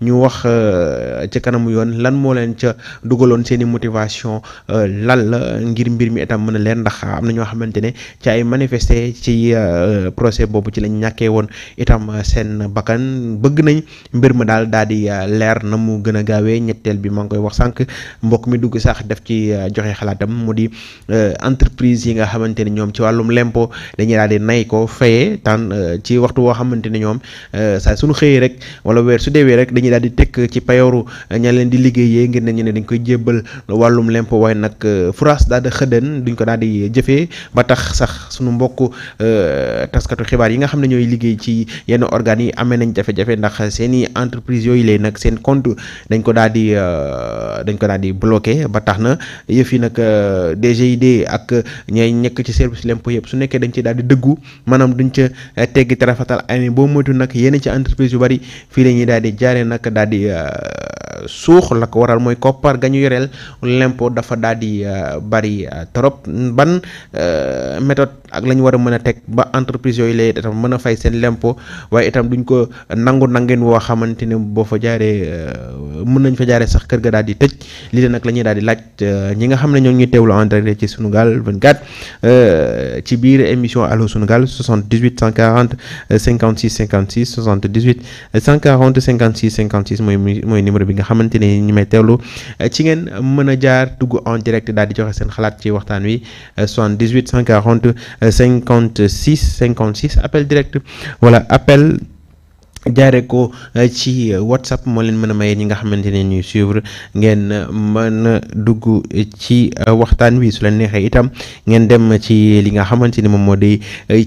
ñu wax euh, ca kanamu yoon lan moo leen ca dugaloon seen i motivation euh, lan la ngir mbir mi itam mën a leen ndax am na ñoo xamante ne ci ay manifester ci euh, procès boobu ci lañ ñàkkee woon itam seen bakkan bëgg nañ mbir ma daal daal di leer na mu gën a gaawee ñetteel bi maa ngi koy wax sànq mbokk mi dugg sax def ci joxe xalaatam mu di entreprise yi nga xamante ne ñoom ci wàllum lempo dañuy daal di nay ko fayee tan ci waxtu woo xamante ne ñoom saa suñu xëyee rek ñi daal di teg ci payooru eh, ña leen di liggéeyee ngir ne ñu ne dañ koy jébbal wàllum eh, di xëdën duñ ko daal di jëfee ba tax sax suñu eh, xibaar yi nga xam ne ñooy liggéey ci yenn organes yi amee nañ jafe-jafe ndax seen i yooyu lay nag seen compte dañ ko daal di dañ ko daal di bloqué ba tax na yëf yi nag DGID ak ñay nekk ci service lempo yëpp su nekkee dañ ci daal di dëggu maanaam duñ ca teggi tarafatal amee boo moytu nag yenn ci entreprise yu bari fii la ñuy daal di jaaree nag nag daal di euh, suux la ko waral mooy koppar ga ñu yoreel lempo dafa daal di euh, bari euh, trop ban méthode ak la ñu war a mën a teg ba entreprise yooyu lay itam mën a fay seen lempo waaye itam duñ ko nangu nangeen woo xamante ne boo fa jaaree mën nañ fa jaaree sax kër ga daal di tëj lii nag la ñuy daal di laaj ñi nga xam ne ñoo ngi ñuy teewlu en direct ci Sunugal 24 ci biir émission allo Sunugal 78 140 56 56 78 140 56 56. 56 mooy mooy numéro bi nga xamante ni ñu may teewlu euh, ci ngeen mën a jaar dugg en direct daal di joxe seen xalaat ci waxtaan wi 78 140 56 56 appel direct wala appel. jaaree ko euh, ci whatsapp moo leen mën a may ñi nga xamante ne ñuy suivre ngeen mën a dugg ci euh, waxtaan wi su leen neexee itam ngeen dem ci li nga xamante ni moom moo di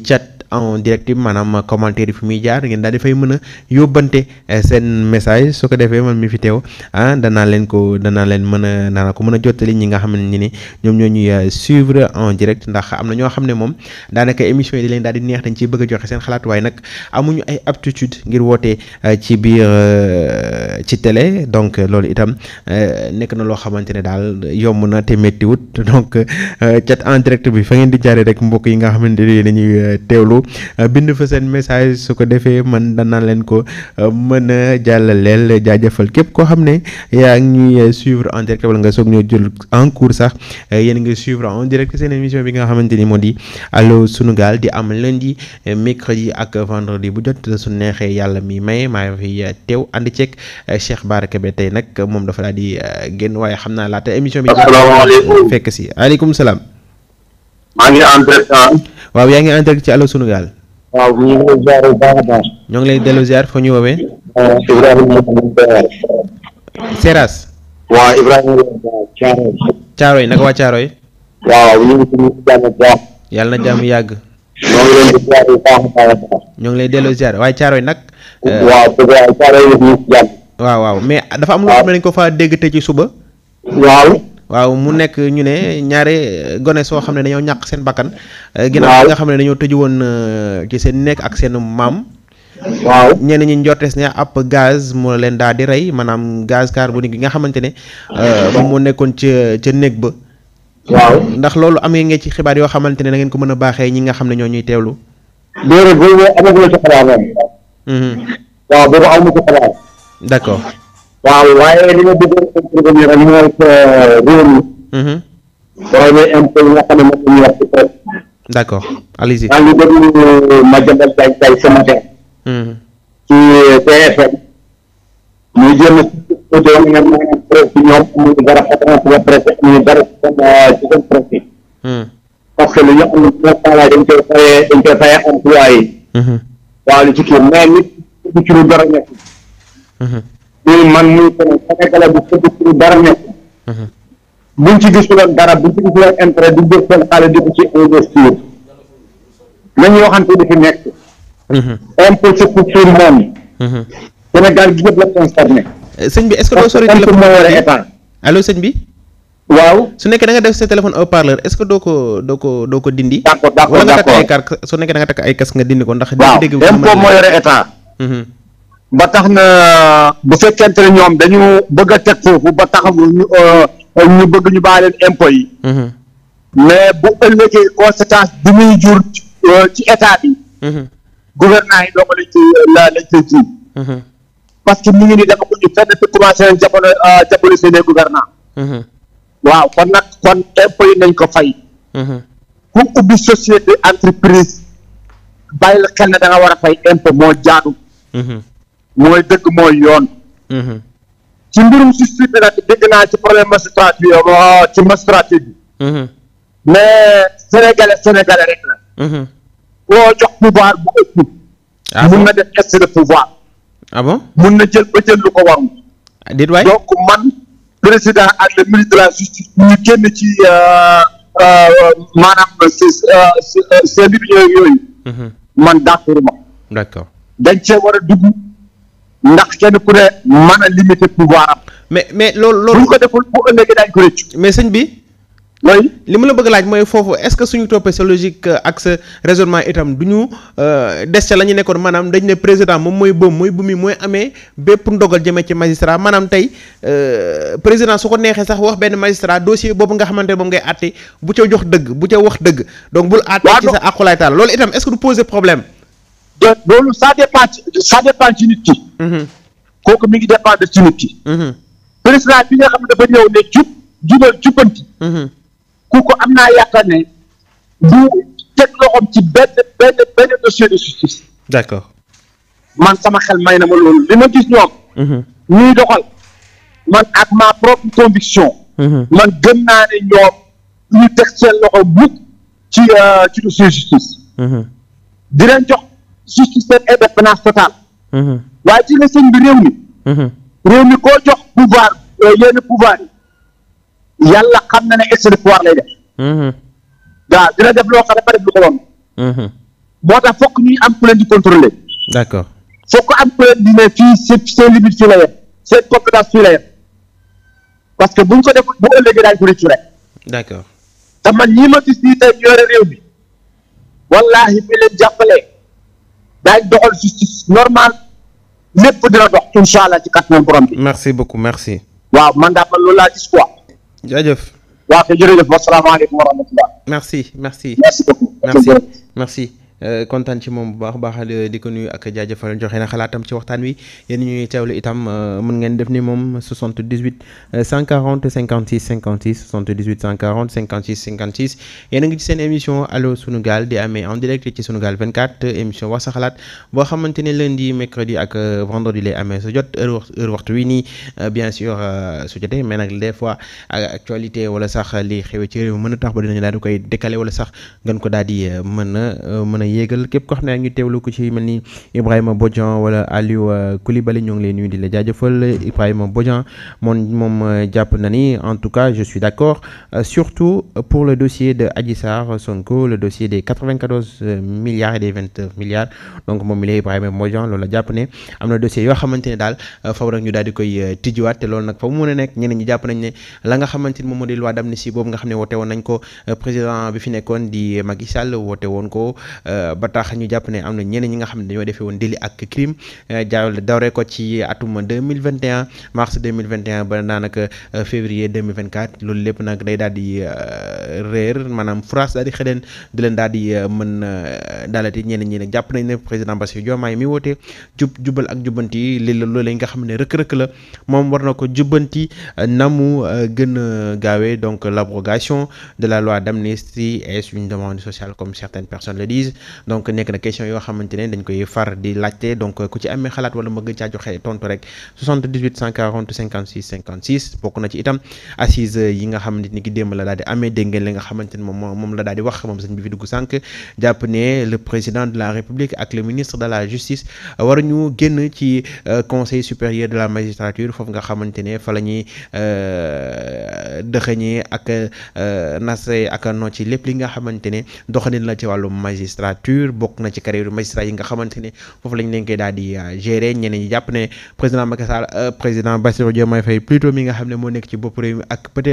chat en direct maanaam commentaire yi muy jaar ngeen daal di fay a yóbbante eh, seen message su ko defee man mi fi teew ah danaa leen ko danaa leen mën a danaa ko mën a jottali ñi nga xam ne ni ñoom ñoo ñuy eh, suivre en direct ndax am na ñoo xam ne moom daanaka émission yi di daal di neex dañ ciy bëgg a joxe seen xalaat waaye nag amuñu ay aptitude ngir woote eh, ci biir ci télé donc loolu itam nekk na loo xamante ne daal yomb na te méttiwut donc chat en direct bi fa Euh, bind fa seen message su ko defee man danaa leen ko euh, mën a jàllaleel jaajëfal képp koo xam ne yaa ngi ñuy euh, suivre en direct wala nga soog ñoo jël en cours sax yéen ngi suivre en direct seen émission bi nga xamante ni moo di allo Sunugal di am lundi yi ak di bu jot su neexee yàlla mi may maa teew ànd ceeg Cheikh Bara Kébé tey nag moom dafa daal di génn waaye xam naa laata émission bi. asalaamaaleykum fekk si aleykum salaam. maa ngi en direct waaw yaa ngi en direct ci Allô Sunu Gaal. waaw ñu ngi lay ziar bu baax a ñoo ngi lay dellu ziar foo ñu woowee. Euh, Ibrahima Seras. waaw Ibrahima Caaroy. Caaroy waa Caaroy. waaw ngi yàlla na jàmm yàgg. ñoo ngi lay dellu ziar waaye euh, yi nag. waaw Caaroy waaw mais dafa am loo xam ne dañ ko fa dégg te ci suba. waaw. waaw mu ah. nekk ñu ne ñaare gone soo xam ne dañoo ñaq seen bakkan. Eh, ginnaaw bi nga xam ne dañoo tëju woon eh, ci seen néeg ak seen maam. waaw ñenn ñi njortees ne ab gaz moo leen daal di rey maanaam gaz carbonique yi nga xamante ne. Eh, moom moo nekkoon ca ca ba. ndax loolu am ngeen ci xibaar yoo xamante ne da ngeen ko mën a baaxee ñi nga xam ne ñoo ñuy teewlu. déedéet boobu waaw waaye li ma bëggoon intervenir rek mooy que réew mi. Mhm. projet impôt yi nga xam ne moom la ñuy wax ci kaw. d' accord allez-y. maa ngi déglu Madiambal Diagne Faye ce matin. Mhm. ci TFM. ñu jëm côté nga xam ne presse ñoom ñu dara xam ne presse ñu dara ci seen euh, presse. Mhm. parce que li ñu am na travail dañ koy fayee dañ koy fayee employé yi. waaw li ci kii mais nit ku ci lu dara nekk. muy man muy keneen Sénégalais bu fëgg dara nekk mhm. buñ ci gisuloon dara buñ ci gisuloon intérêt du jël seen xaalis di ko ci investir nañu waxante di fi nekk mhm. impôt c'est pour tout le monde mhm. Sénégal gi yëpp la concerné eh, sëñ bi est-ce que doo sori téléphone moo war a état allo sëñ bi waaw su nekkee da nga def sa téléphone au parleur est-ce que doo ko doo ko doo ko dindi d'accord d'accord wala nga takk ay casque nekkee da nga takk ay casque nga dindi ko ndax dégg impôt moo yore état ba tax na bu fekkente ne ñoom dañu bëgg a teg foofu ba tax ñu euh, bëgg ñu bàyyi leen impôt yi. Mm-hmm. mais bu ëllëgee conséquence bi muy jur ci euh, état mm-hmm. yi gouvernant yi doo ko lañ ciy la lañ ciy ji. Mm-hmm. parce que mu ngi nii dafa ko ñu fenn te commencé nañ jamono jàppale seen gouvernant waaw kon nag kon impôt ko fay. ku ubbi société entreprise bàyyi la xel ne da nga war a fay impôt moo jaadu. mooy dëkk mooy yoon. ci mbirum justice bi nag dégg naa ci problème magistrat bi ci magistrat bi. mais sénégalais sénégalais rek la. koo jox pouvoir bu ëpp. mun na def excès de pouvoir. ah bon mun na jël ba jël lu ko warul. déet waay donc man président ak le ministre de la justice ñu génn ci maanaam seen seen yooyu. man d'accord ma. d'accord dañ cee ndax kenn ku ne mën a limiter pouvoir mais mais loolu loolu. bu ko mais sëñ bi. loolu li ma la bëgg laaj mooy foofu est-ce que suñu toppee sa logique euh, ak sa raisonnement itam du ñu euh, des ca la ñu nekkoon maanaam dañu ne président moom mooy bëm mooy bu mi mooy amee bépp ndogal jëmee ci magistrat maanaam tey euh, président su ko neexee sax wax benn magistrat dossier boobu nga xamante ne moom ngay àtte bu ca jox dëgg bu ca wax dëgg. donc bul àtte ci sa àqulaay taal loolu itam est problème. donc loolu ça dépend ci nit ki. Mhm. kooku mi ngi dépendre ci nit ki. Mhm. président bi nga xam ne dafa ñëw ne jub jubal jubbanti. Mhm. kooku am naa yaakaar ne du teg loxoom ci benn benn dossier de justice. d'accord man sama xel may na ma loolu li ma gis ñoom. ñuy doxal man ak ma propre conviction. man gën naa ne ñoom ñu teg seen loxo mukk ci euh, ci dossier justice. di jox. justice seen indépendance totale mm-hmm. waaye ci nga sëñ bi réew mm-hmm. koo jox pouvoir eh, yenn pouvoir yi yàlla xam na ne excès de pouvoir lay def mm-hmm. waaw dina def lu ko woon moo tax fokk ñuy am ku leen di contrôler d'accord fokk am ku leen di ne fii seen seen limite fii la yem parce que buñ ko def bu ëllëgee daañu ko rëccu rek d'accord te man ñii ma gis nii tey ñoore réew wallaahi bi leen jàppalee daañu doxal justice normal lépp dina dox incha allah ci kàttanu borom bi. merci beaucoup merci. waaw man daal man loolu laa gis quoi. jaajëf. waaw kay jërëjëf wasalaamaaleykum wa rahmatulah. merci merci. merci beaucoup merci merci. Euh, kontaan ci moom bu baax baax di ko nuyu ak jaajëfal joxe na xalaatam ci waxtaan wi yéen ñuy teewlu itam euh, mën ngeen def ni moom 78 140 56 56 78 140 56 56 yéen a ngi ci seen émission allo Sunugal di amee en direct ci Sunugal 24 émission wax sa xalaat boo xamante ne lundi mercredi ak euh, vendredi lay amee su jot heure waxtu heure waxtu wi nii bien sûr su jotee mais nag des fois actualité wala sax li xewee ci réew mën a tax ba dinañu daal di koy décaler wala sax ngeen ko daal di mën na mën a yéegal képp ko xam ne ak ñu teewlu ko ci mel ni Ibrahima Bodian wala Aliou euh, Koulibaly ñoo ngi lay nuyu di la jaajëfal Ibrahima moom moom euh, jàpp na ni en tout cas je suis d'accord euh, surtout pour le dossier de Adji Sarr Sonko le dossier des 94 milliards et des 29 donc moom mi lay Ibrahima Bodian loolu la jàpp ne am na dossier yoo xamante ne daal faw ñu daal di koy tijjiwaat te loolu nag fa mu mën a nekk ñeneen ñi jàpp nañ ne la nga xamante ni moom moo di loi d'amnistie boobu nga xam ne woote woon nañ ko président bi fi nekkoon woote woon ko ba tax ñu jàpp ne am na ñeneen ñi nga xam ne dañoo defee woon dili ak crime eh, jaawale dawre ko ci atum 2021 mars 2021 ba daanaka eh, février 2024 loolu lépp nag day daal di eh, réer maanaam France daal di xeleen di leen daal di mën daalati ñeneen ñi nag jàpp nañ ne président Bassirou Diomaye mi woote jub jubal ak jubbanti yi li la loolu nga xam ne rëkk-rëkk la moom war na ko jubbanti na mu gën a gaawee donc l'abrogation de la loi d'amnistie est une demande sociale comme certaines personnes le disent donc nekk na question yoo xamante ne dañ koy far di laajte donc ku ci amee xalaat wala mëgg caa joxe tontu rek 78 140 56 56 bokk na ci itam assise yi nga xamante ni ki démb la daal di amee dégg ngeen li nga xamante ne moom moom la daal di wax moom sëñ bi fi jàpp ne le président de la république ak le ministre de la justice war ñu génn ci euh, conseil supérieur de la magistrature foofu nga xamante ne fa la ñuy euh, dëxëñee ak euh, nase ak noo ci lépp li nga xamante ne doxalin la ci wàllu magistrat magistrature bokk na ci carrière magistrat yi nga xamante ne foofu lañ leen koy daal euh, ñeneen ñi jàpp ne président Macky Sall euh, président Bassirou Diomaye Faye plutôt mi nga xam ne moo nekk ci bopp réew ak peut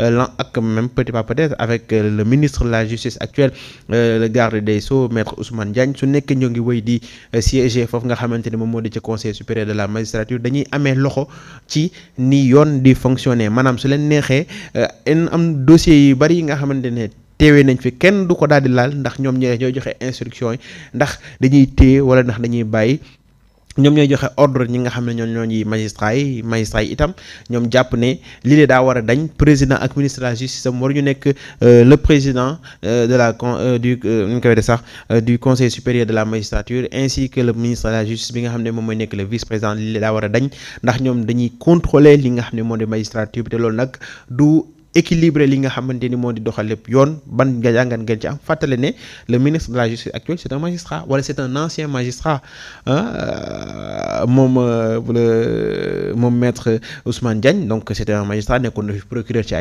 euh, lan ak même peut-être pas avec le ministre de la justice actuel le garde des sceaux maître Ousmane Diagne su nekk ñoo ngi wéy di siéger foofu nga xamante ne moom moo di ci conseil supérieur de la magistrature dañuy amee loxo ci ni yoon di fonctionner teewee nañ fi kenn du ko daal di laal ndax ñoom ñooy ñooy joxe instruction yi ndax dañuy téye wala ndax dañuy bàyyi ñoom ñooy joxe ordre ñi nga xam ne ñoom ñoo ñuy magistrat yi magistrat yi itam ñoom jàpp ne lii de daa war dañ président ak ministre de la justice am waruñu nekk euh, le président euh, de la con euh, du ñu koy sax du conseil supérieur de la magistrature ainsi que le bi nga xam ne moom mooy nekk le vice président lii de daa war a dañ ndax ñoom dañuy contrôler li nga xam ne moo di magistrature bi te loolu nag du. équilibré li nga xamante ni moo di doxal lépp yoon ban nga jàngat ngeen ci am fàttale ne le ministre de la justice actuel c'est un magistrat wala c'est un ancien magistrat euh, moom euh, le moom maître Ousmane Diagne donc c'était un magistrat nekkoon na fi procureur ci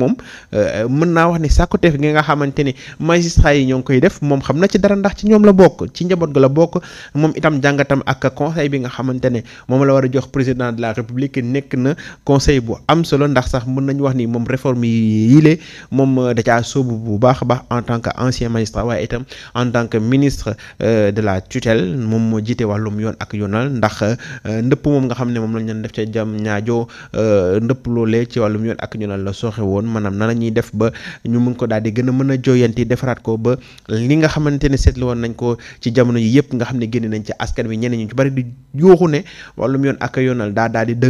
moom euh, mën naa wax ne sàkkuteef gi nga xamante ni magistrat yi ñoo ngi koy def moom xam na ci dara ndax ci ñoom la bokk ci njaboot ga la bokk moom itam jàngatam ak conseil bi nga xamante ne moom la war a jox président de la république nekk na conseil bu am solo ndax sax mën nañu wax ni moom réforme yi yile moom euh, da caa sóobu bu baax a baax en tant que ancien magistrat waaye itam en tant que ministre euh, de la tutelle moom moo jiite wàllum yoon ak yoonal ndax euh, ndëpp moom nga xam ne moom lañ leen def ca jam ñaajoo ndëpp loolee ci wàllum yoon ak yoonal la sooxe woon maanaam nan la ñuy def ba ñu mën ko daal di gën a mën a jooyanti defaraat ko ba li nga xamante ne seetlu woon nañ ko ci jamono yi yëpp nga xam ne génne nañ ci askan wi ñeneen ñu ci bari di yooxu ne wàllum di